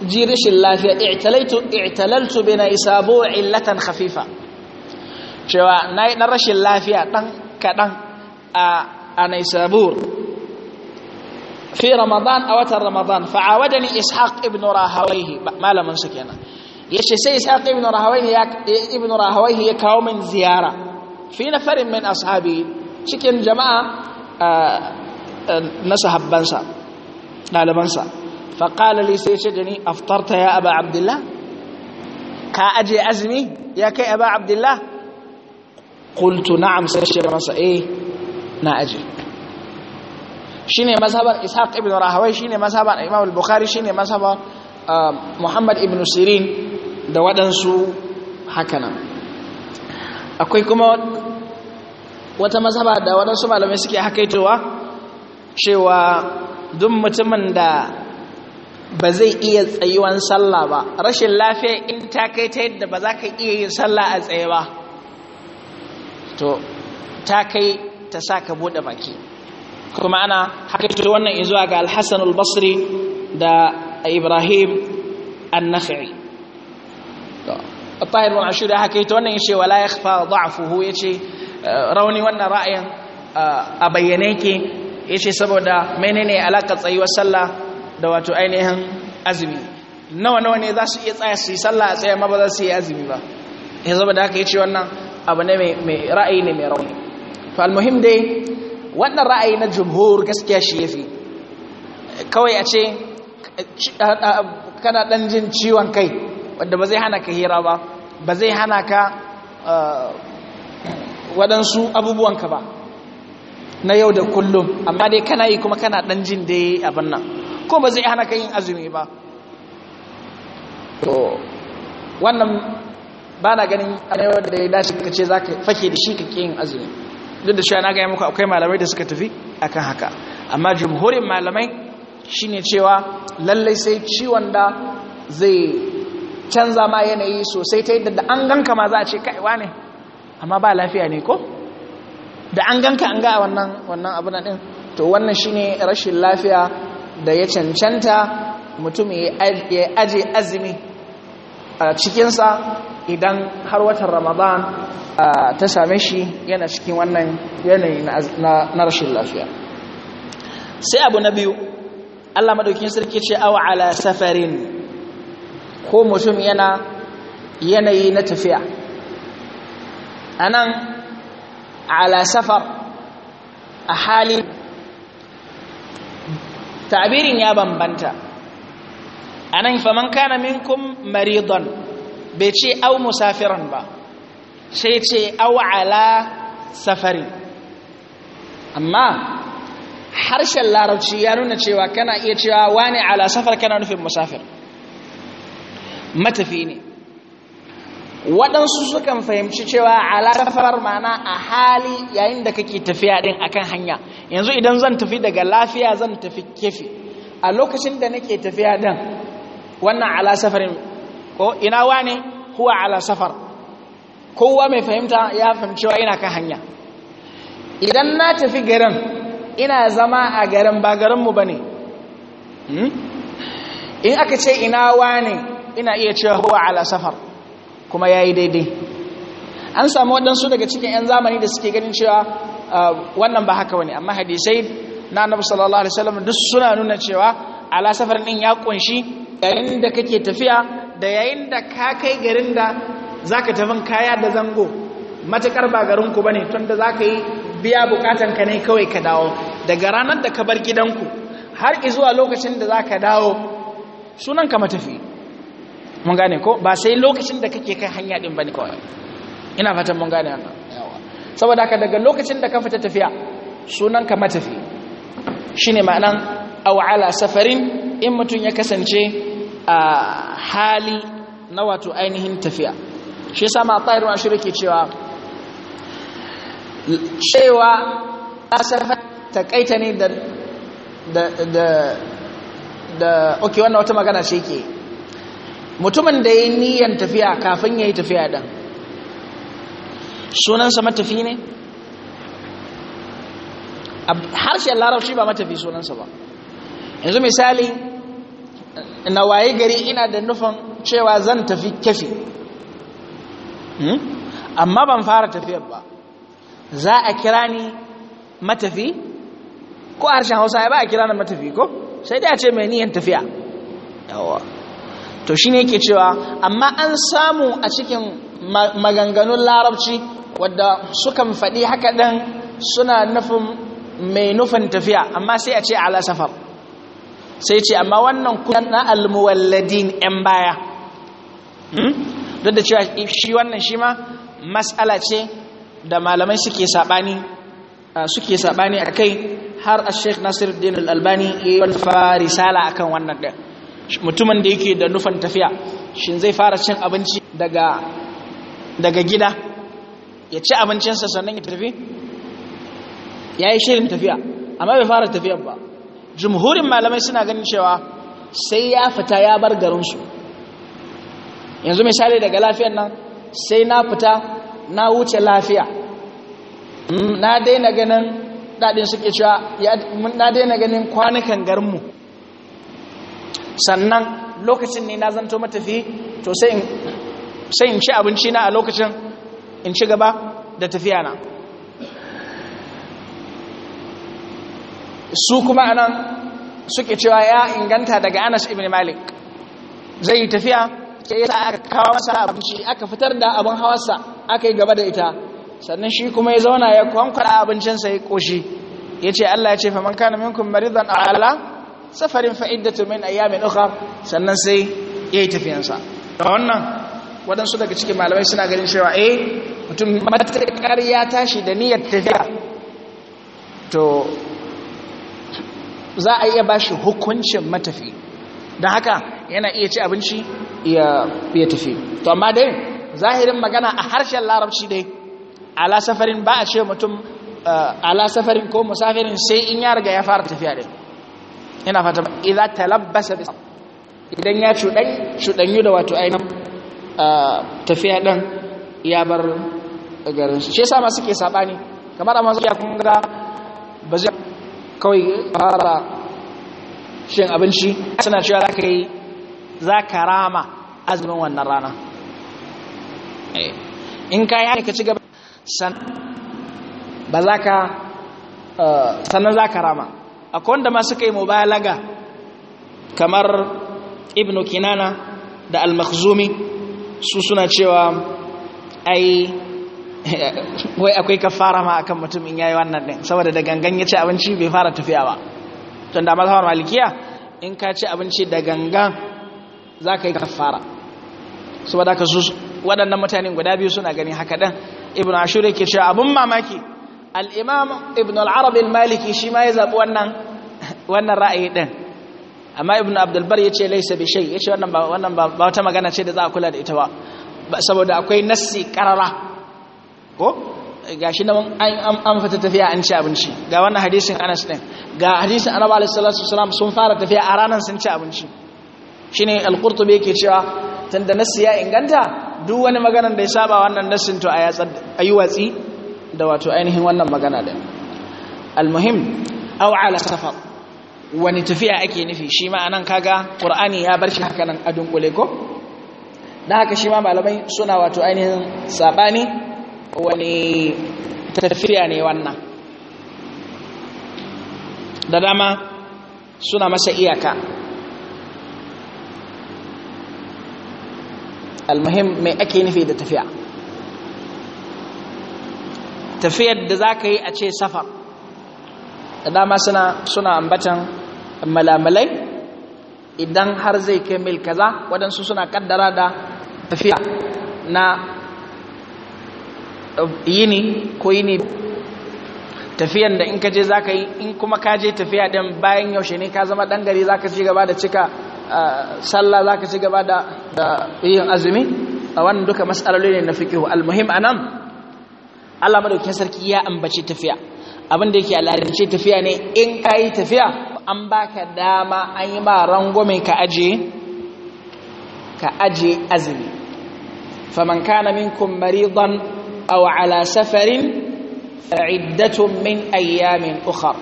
[SPEAKER 1] جيرش الله اعتليت اعتللت بنا اسابوع علة خفيفة شوا ناي نرش الله فيا دن كدن انا اسابور في رمضان او رمضان فعاودني اسحاق ابن راهويه ما لم انسك انا يش سي اسحاق ابن راهويه ابن راهويه يا زياره في نفر من اصحابي شكن جماعه نسحب بنسا لا بنسا faƙala li sai ce da ni aftarta ya aba abdullah ka aje azumi ya kai aba abdullah qultu na'am sai shi masa eh na aje shine mazhabar ishaq ibn rahawai shine mazhabar imam al-bukhari shine mazhabar muhammad ibn sirin da waɗansu akwai kuma wata mazhaba da waɗansu malamai suke hakaitowa cewa duk mutumin da ba zai iya tsayuwan sallah ba rashin lafiya in ta kai ta yadda ba za ka iya yin sallah a tsaye ba to ta kai ta sa ka buɗe baki kuma ana hakaito wannan izuwa ga alhassan albasri da ibrahim annafi tahir bin ashur ya hakaito wannan yace wala yakhfa ya ce eh, rauni wannan ra'ayin eh, a bayyane ya yace saboda menene alaƙa tsayuwar sallah da wato ainihin azumi nawa nawa ne za su iya tsaya su yi sallah a tsaye ma ba za su yi azumi ba ya zama da aka yi ce wannan abu ne mai ra'ayi ne mai rauni to almuhim dai wannan ra'ayi na jumhur gaskiya shi ya fi kawai a ce kana dan jin ciwon kai wadda ba zai hana ka hira ba ba zai hana ka waɗansu abubuwanka ba na yau da kullum amma dai kana yi kuma kana ɗan jin dai abin nan ko ba zai hana ka yin azumi ba to wannan ba na ganin anewar da ya dace ka ce za ka fake da shi ka ke yin azumi duk da shi na gaya muku akwai malamai da suka tafi akan haka amma jumhurin malamai shi ne cewa lallai sai ciwon da zai canza ma yanayi sosai ta yadda da an ganka ma za a ce kaiwa ne amma ba lafiya ne ko da an ganka an ga wannan wannan abin din to wannan shi ne rashin lafiya da ya cancanta mutum ya aje azumi a cikinsa idan har watan ramadan ta same shi yana cikin wannan yanayi na rashin lafiya sai abu na biyu allah madaukin sarki ce awa ala safarin ko mutum yana yanayi na tafiya a nan ala safar a hali tabirin ya bambanta anan faman kana minkum maridan bai ce au musafiran ba sai ce au ala safari amma harshen larabci ya nuna cewa kana iya cewa wani ala safar kana nufin musafir matafi ne waɗansu sukan fahimci cewa ala safar mana a hali yayin da kake tafiya ɗin akan hanya yanzu idan zan tafi daga lafiya zan tafi kefi a lokacin da nake tafiya ɗin wannan ala ko ina wane huwa ala safar kowa mai fahimta ya fahimci wa ina kan hanya idan na tafi garin ina zama a garin ba garinmu ba ne hmm? in aka ce ina wane ina iya cewa huwa ala safar kuma ya yi daidai an samu waɗansu daga cikin 'yan zamani da suke ganin cewa ah, wannan ba haka wani amma hadisai na annabi sallallahu alaihi wasallam duk suna nuna cewa ala safar din ya ƙunshi. yayin da kake tafiya da yayin da ka kai garin da zaka tafi kaya da zango matakar ba garin ku bane tunda ka yi biya bukatan ka ne kawai ka dawo daga ranar da ka bar gidanku har izuwa lokacin da zaka dawo sunan ka matafi mun gane ko ba sai lokacin da kake kan hanya din bane kawai ina fatan mun gane haka saboda haka daga lokacin da ka fita tafiya sunan ka matafi shine ma'anan aw ala safarin in mutun ya kasance a hali na wato ainihin tafiya shi yasa ma tsayar wa shirki cewa cewa asarfa kaita ne da da da da okay wannan wata magana ce yake mutumin da ya yi niyan tafiya kafin ya yi tafiya ɗan sunansa matafi ne harshen larabci ba matafi sunansa ba yanzu misali na waye gari ina da nufin cewa zan tafi kafi hmm? amma ban fara tafiyar ba za a kira ni matafi ko harshen hausa ya ba a kira ni matafi ko sai dai a ce mai niyan tafiya yawa to shi ne ke cewa amma an samu a cikin maganganun larabci wadda sukan faɗi haka ɗin suna nufin mai nufin tafiya amma sai a ce ala safar sai ce amma wannan kuma na almuwalladin 'yan baya hmm? duk da cewa shi wannan shi ma matsala ce da malamai suke saɓani suke saɓani a kai har a sheikh nasiruddin al'albani ya yi wani risala kan wannan ɗin mutumin da yake da nufan tafiya shin zai fara cin abinci daga daga gida ya ci abincinsa sannan ya tafi ya yi shirin tafiya amma bai fara tafiya ba jumhurin malamai suna ganin cewa sai ya fita ya bar garinsu yanzu misali daga lafiyan nan sai na fita na wuce lafiya hmm, na daina ganin daɗin suke cewa na daina ganin kwanukan garinmu sannan lokacin ne na zanto matafi to sai in ci abinci na a lokacin in ci gaba da tafiya na su kuma anan suke cewa ya inganta daga Anas ibn Malik zai yi tafiya ke yasa aka kawo masa abinci aka fitar da abin hawarsa aka yi gaba da ita sannan shi kuma ya zauna ya kwankwada abincinsa ya koshi ya ce Allah ya ce faman kana minkum safarin fa'iddatu min mai ɗauka sannan sai yayi tafiyansa da wannan waɗansu daga cikin malamai suna ganin cewa eh mutum matakar ya tashi da niyyar tafiya to za a iya ba shi hukuncin matafi don haka yana iya ci abinci ya tafi to amma dai zahirin magana a harshen larabci dai ala safarin ba a ce mutum eh, ala safarin ko musafirin sai in yarga ya fara tafiya dai ina fata idza talabbasa idan ya cudan cuɗanyu da wato ainihin tafiya din ya bar garin shi yasa ma suke sabani kamar amma zai kun ga ba zai kawai fara shin abinci suna cewa za ka yi ka rama azumin wannan rana eh, in ka yi ka ci gaba san ba za ka eh, sannan za ka rama akwai wanda masu kai mubalaga kamar ibn kinana da al-makhzumi su suna cewa ai wai akwai kafara ma akan mutumin yayi wannan din saboda da gangan ya ci abinci bai fara tafiya ba tun da mazhabar malikiya in ka ci abinci da gangan za ka yi kafara saboda ka su waɗannan mutane guda biyu suna gani haka dan Ibnu ashur yake cewa abun mamaki al'imam ibn al'arabin maliki shi ma ya zaɓi wannan ra'ayi ɗin amma ibn abdulbar ya ce laisa bi shai ya ce wannan ba wata magana ce da za a kula da ita ba saboda akwai nassi ƙarara ko ga shi nan an fita tafiya an ci abinci ga wannan hadisin anas ɗin ga hadisin annabi alaihi salatu wasalam sun fara tafiya a ranar sun ci abinci shine al-qurtubi yake cewa tun da nassi ya inganta duk wani maganar da ya saba wannan nassin to a yi watsi da wato ainihin wannan magana da almuhim aw ala safar wani tafiya ake nufi shi ma anan kaga qur'ani ya bar shi haka nan a dunkule ko Da haka shi ma malamai suna wato ainihin sabani wani tafiya ne wannan da dama suna masa iyaka almuhim mai ake nufi da tafiya tafiyar da za ka yi a ce safar da dama suna suna ambatan malamalai idan har zai kai mil kaza waɗansu suna kaddara da tafiya na eh, yini ko yini tafiyan da in ka je za ka yi in kuma ka je tafiya ɗin bayan yaushe ne ka zama ɗan gari za ka ci gaba da cika eh, sallah za ka ci gaba da yin azumi a wannan duka matsaloli ne na fikihu almuhim a nan Allah madaukakin sarki ya ambace tafiya abin da yake al'adance tafiya ne in kai tafiya an baka dama an yi ma rangwame ka aje ka aje azumi faman kana minkum maridan aw ala safarin fa'iddatun min ayyamin ukhra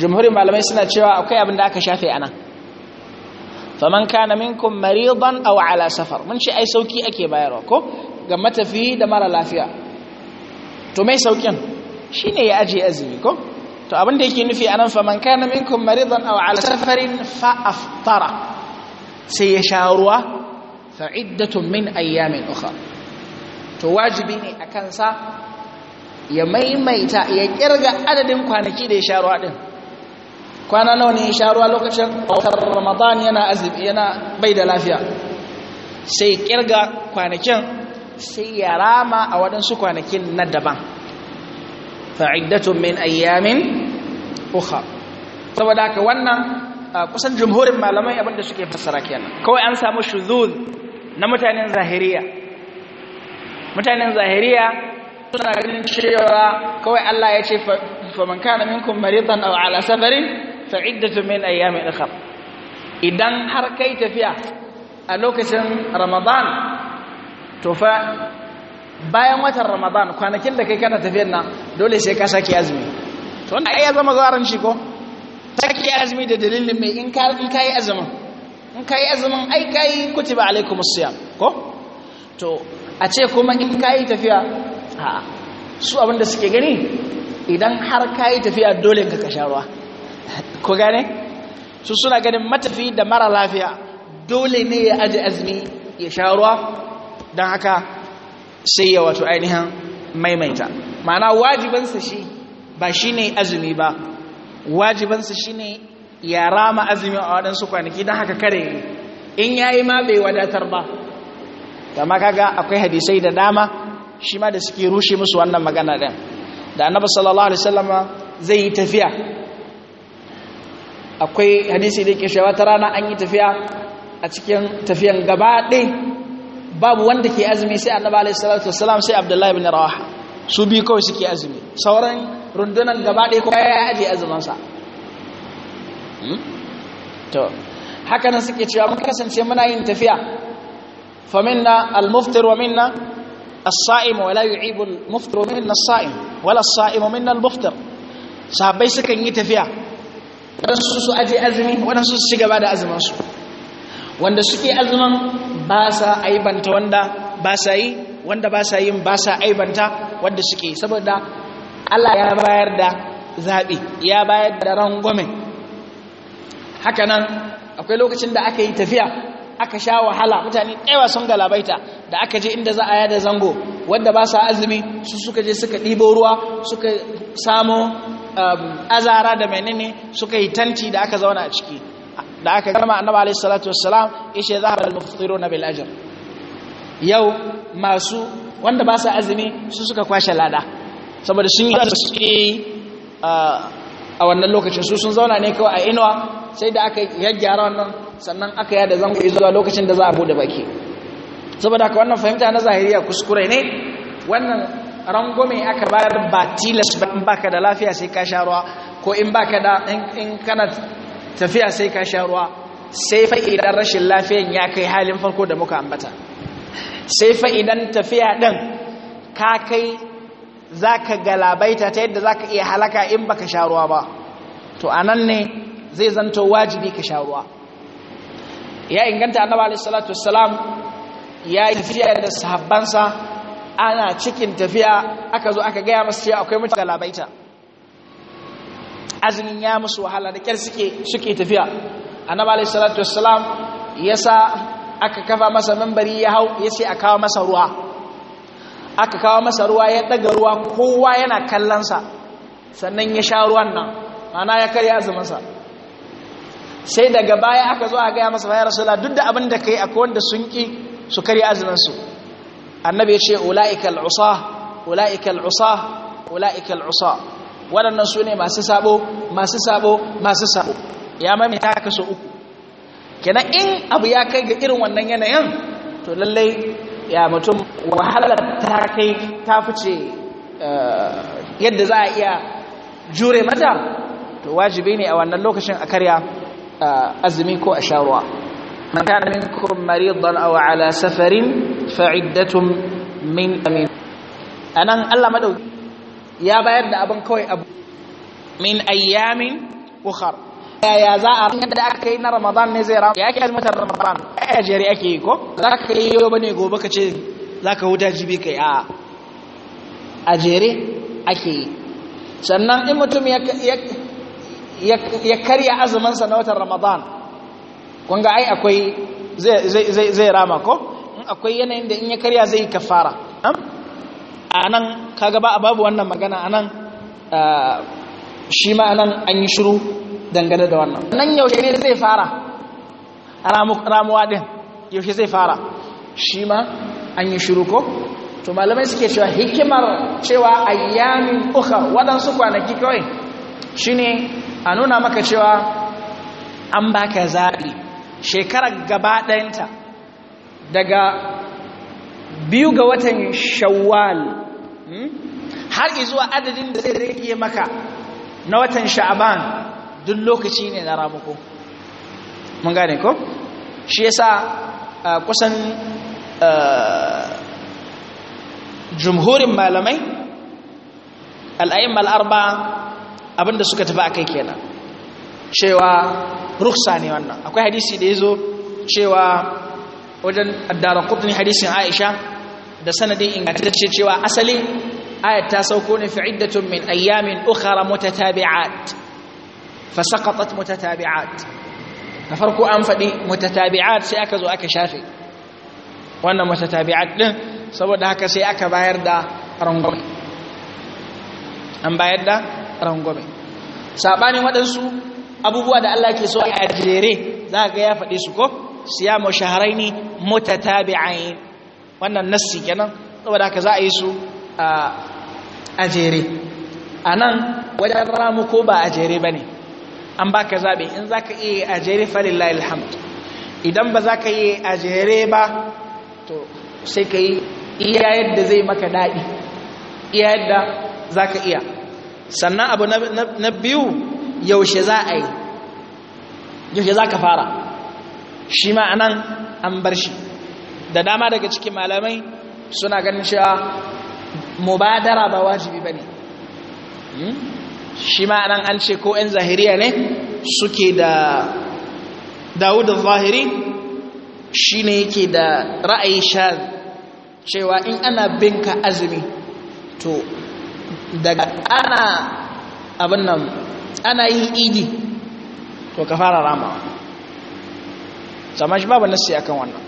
[SPEAKER 1] jumhurin malamai suna cewa akwai abin da aka shafe anan faman kana minkum maridan aw ala safar mun ce ai sauki ake bayarwa ko ga matafi da mara lafiya to mai saukin shine ya ajiye azumi ko to abin da yake nufi anan fa man kana minkum maridan aw ala safarin fa aftara sai ya sha ruwa fa iddatun min ayyamin ukhra to wajibi ne akan sa ya maimaita ya kirga adadin kwanaki da ya sha ruwa din kwana nawa ne ya sha ruwa lokacin ramadan yana azumi yana bai da lafiya sai kirga kwanakin sai ya rama a waɗansu kwanakin na daban fa'iddatun min ayyamin ukhra saboda haka wannan kusan jumhurin malamai abinda suke fassara kenan kawai an samu shuzuz na mutanen zahiriya mutanen zahiriya suna ganin cewa kawai Allah ya ce faman kana minkum maridan aw ala safarin fa min ayyamin ukhra idan har kai tafiya a lokacin Ramadan to fa bayan watan ramadan kwanakin da kai kana tafiyar na dole sai ka saki azumi to wanda ai ya zama zaran shi ko saki azumi da dalilin mai in ka in kai azumin in kai azumin ai kai kutiba alaikum siyam ko to a ce kuma in kai tafiya a su abinda suke gani idan har kai tafiya dole ka kasha ruwa ko gane su suna ganin matafi da mara lafiya dole ne ya aji azumi ya sha ruwa don haka sai ya wato ainihin maimaita ma'ana wajibansa shi ba shi ne azumi ba wajibansa shi ne ya rama azumi a waɗansu kwanaki don haka kare in ya yi ma bai wadatar ba kama kaga akwai hadisai da dama shi ma da suke rushe musu wannan magana ɗin da annabi sallallahu alaihi wasallama zai yi tafiya akwai hadisi da ke shawa rana an yi tafiya a cikin tafiyan gaba ɗin babu wanda ke azumi sai annaba alayhi salatu wasalam sai abdullahi ibn rawaha su bi kawai suke azumi sauran rundunan gaba ɗaya kuma ya aje azumin sa hmm? to haka nan suke cewa mun kasance muna yin tafiya fa minna al-muftir wa minna as-sa'im wa la yu'ibu al-muftir minna as-sa'im wala as-sa'im minna al-muftir sahabbai sukan yi tafiya wadansu su aje azumi wadansu su gaba da azumin su wanda suke azumin ba sa aibanta wanda ba sa yi wanda ba sa yin ba sa aibanta wanda suke saboda Allah ya bayar da zaɓi ya bayar da rangwame haka nan akwai lokacin da aka yi tafiya aka sha wahala mutane ɗewa sun galabaita da aka je inda za a yada zango wanda ba sa azumi su suka je suka ɗibo ruwa suka samo um, azara da menene suka yi tanti da aka zauna a ciki da aka gama annabi alayhi salatu wassalam ishe zahara al bil ajr yau masu wanda ba su azumi su suka kwashe lada saboda sun yi da suke a wannan lokacin su sun zauna ne kawai a inuwa sai da aka yaggyara wannan sannan aka yada zango zuwa lokacin da za a bude baki saboda haka wannan fahimta na zahiriya kuskure ne wannan rangome aka bayar ba tilas ba in baka da lafiya sai ka sha ruwa ko in baka da in kana tafiya sai ka sha ruwa sai fa idan rashin lafiyan ya kai halin farko da muka ambata sai fa idan tafiya ɗin ka kai zaka galabaita ta yadda zaka iya halaka in baka sha ruwa ba to a ne zai zanto wajibi ka sha ruwa ya inganta sallallahu alaihi wasallam ya yi tafiya da sahabbansa ana cikin tafiya aka zo aka gaya masu cewa akwai mutane galabaita azumin ya musu wahala da kyar suke suke tafiya annabi alayhi salatu wassalam yasa aka kafa masa membari ya hau yace a kawo masa ruwa aka kawo masa ruwa ya daga ruwa kowa yana kallon sannan ya sha ruwan nan mana ya karya azuminsa. sai daga baya aka zo a gaya masa ya rasulullah duk da abin da kai akwai wanda sun ki su karya azumin su annabi ya ce ulaika al-usa ulaika al-usa ulaika al-usa waɗannan su ne masu sabo masu sabo masu sabo ya maimaita ta kaso uku kenan in abu ya kai ga irin wannan yanayin to lallai ya mutum wahalar ta kai ta fice eh, yadda za a iya jure mata to wajibi ne a wannan lokacin a karya eh, azumi ko a sharuwa man kana minkum maridan aw ala safarin fa min amin anan Allah madauki ya bayar da abin kawai abu min ayyamin ukhar yaya za a yadda aka yi na ramadan ne zai ramu ya ke azmatar ramadan a jere ake yi ko za ka yi yau bane gobe ka ce za ka huta jibi kai a a jere ake yi sannan in mutum ya karya azuminsa na watan ramadan kunga ai akwai zai rama ko in akwai yanayin da in ya karya zai kafara fara a nan kaga ba babu wannan magana a nan shi ma nan an yi shiru dangane da wannan nan yaushe ne zai fara ramuwa din yaushe zai fara shi ma an yi shiru ko to malamai suke cewa hikimar cewa ayyamin uka waɗansu kwanaki kawai ne a nuna maka cewa an baka zaɓi shekarar gaba ɗayanta daga biyu ga watan shawwal hmm? har zuwa adadin da zai rage maka na watan sha'aban duk lokaci ne na ramuko mun gane ko shi yasa kusan jumhurin malamai al'ayin mal'arba abinda suka tafi a kai kenan cewa ruksa ne wannan akwai hadisi da yazo cewa wajen addara kudin hadisin aisha da sanadin ingantacce cewa asali ayat ta sauko ne fi iddatun min ayyamin ukhra mutatabi'at fa saqatat mutatabi'at na farko an faɗi mutatabi'at sai aka zo aka shafe wannan mutatabi'at din saboda haka sai aka bayar da rangome. an bayar da rangwame sabanin waɗansu abubuwa da Allah ke so a jere za ga ya faɗi su ko siyamu shahraini mutatabi'ain wannan nassi kenan saboda haka za a yi su a jere a nan wajen ramu ko ba a jere ba ne an baka ka zaɓe in za ka iya a jere falillah ilhamd idan ba za ka iya a jere ba to sai ka yi iya yadda zai maka daɗi iya yadda za ka iya sannan abu na biyu yaushe za a yi yaushe za ka fara shi ma nan an bar shi da dama daga cikin malamai suna ganin cewa mubadara ba wajibi ba ne hmm? shi ma nan an ce ko 'yan zahiriya ne suke da dawudin zahiri shi ne yake da ra'ayi sha cewa in ana binka azumi to daga ana abin nan ana yin idi to ka fara rama zama shi babu nasi akan wannan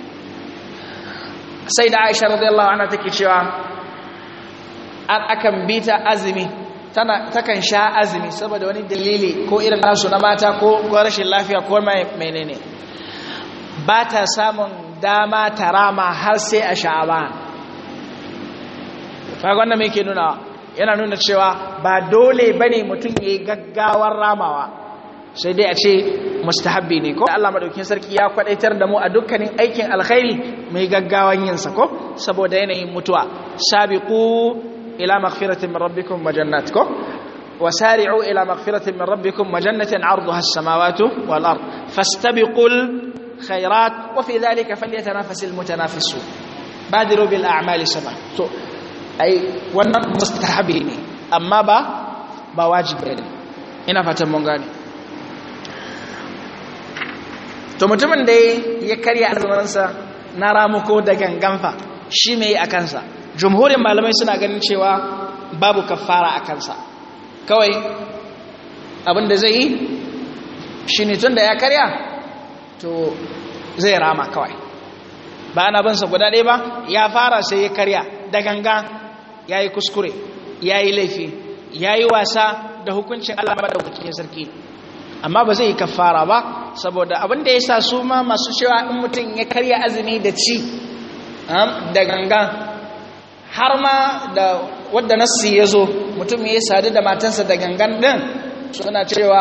[SPEAKER 1] sai da aisha radiyallahu anha take cewa an akan bita azumi tana takan sha azumi saboda wani dalili ko irin nasu na mata ko rashin lafiya ko mai menene ba ta samun dama ta rama har sai a sha'aban ga wannan me yake nuna yana nuna cewa ba dole bane mutum yayi gaggawar ramawa sai dai a ce mustahabbi ne ko Allah madaukakin sarki ya kwadaitar da mu a dukkanin aikin alkhairi mai gaggawan yin sa ko saboda yanayin mutuwa sabiqu ila maghfiratin min rabbikum wa jannat ko وسارعوا إلى مغفرة من ربكم وجنة عرضها السماوات والأرض فاستبقوا الخيرات وفي ذلك فليتنافس المتنافسون بادروا بالأعمال سبا so, Ai wannan mustahabi ne amma ba ba wajibi ina fatan mun gane to mutumin da ya karya azumansa na ramuko da ganganfa shi mai a kansa jumhurin malamai suna ganin cewa babu kafara a kansa kawai abinda zai yi shi ne tun da ya karya to zai rama kawai ba na guda ɗaya ba ya fara sai ya karya da ganga ya yi kuskure ya yi laifi ya yi wasa da hukuncin allah da hukuncin sarki amma ba zai yi kafara ba saboda abin da ya sa su ma masu cewa in mutum ya karya azumi da ci da ganga har ma da wadda nassi ya zo mutum ya sadu da matansa da gangan ɗin suna cewa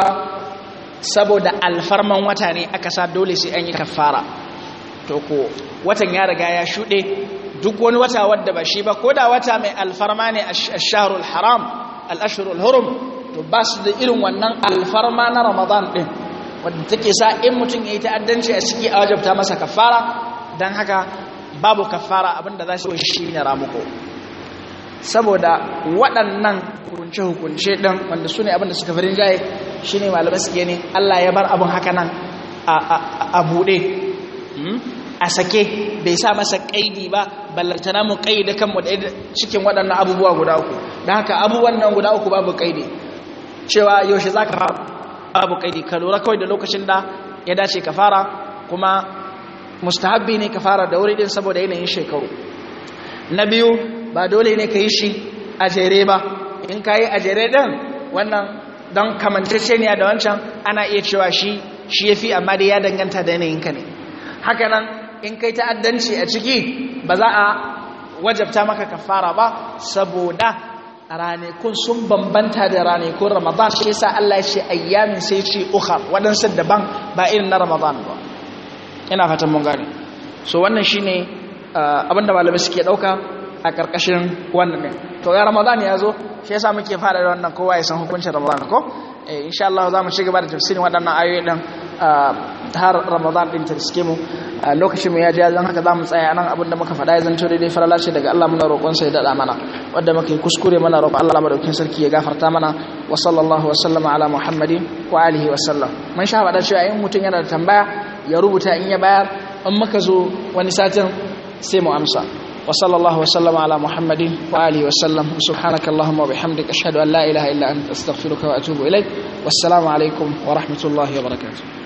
[SPEAKER 1] saboda alfarman wata ne aka sa dole sai an yi kafara to ko watan ya riga ya shuɗe duk wani wata wadda ba shi ba ko da wata mai alfarma ne a shaharul haram al-ashirul hurum to ba su da irin wannan alfarma na ramadan ɗin wadda take sa in mutum ya yi ta'addanci a ciki a wajabta masa kafara don haka babu kafara abinda za su yi shi ne ramuko saboda waɗannan hukunce-hukunce ɗin wanda su ne abinda suka farin jaye shi ne malamai suke ne allah ya bar abin haka nan a buɗe hmm? a sake bai sa masa ƙaidi ba ballantana mu ƙaidi kanmu da cikin waɗannan abubuwa guda uku Don haka abubuwan nan guda uku babu ƙaidi cewa yaushe za ka fara abu kaidi ka lura kawai da lokacin da ya dace ka fara kuma mustahabbi ne ka fara da wuri din saboda yanayin shekaru na biyu ba dole ne ka yi shi a jere ba in ka yi a jere din wannan don ne da wancan ana iya cewa shi shi ya fi amma dai ya danganta da yanayinka ne haka nan in kai ta'addanci a ciki ba za a wajabta maka kafara ba saboda ranakun sun bambanta da ranakun ramadan shi yasa Allah ya ce ayyamin sai ce ukhar wadansu daban ba irin na ramadan ba ina fatan mun gane so wannan shine uh, abinda malamai suke dauka a karkashin wannan ne to ga ramadan ya zo shi yasa muke fara da wannan kowa ya san hukuncin ramadan ko eh insha Allah za mu ci gaba da tafsirin waɗannan ayoyin din har ramadan din ta riske mu lokacin mu ya ji zan haka zamu tsaya nan abinda muka faɗa ya zanto daidai farala ce daga Allah muna roƙon sai da mana wanda muka yi kuskure mana roƙon Allah madaukakin sarki ya gafarta mana wa sallallahu wa sallama ala muhammadin wa alihi wa sallam man sha faɗa cewa in mutum yana da tambaya ya rubuta in ya bayar in muka zo wani satin sai mu amsa wa sallallahu wa sallama ala muhammadin wa alihi wa sallam subhanaka allahumma wa bihamdika ashhadu an la ilaha illa anta astaghfiruka wa atubu ilaik wassalamu alaikum wa rahmatullahi wa barakatuh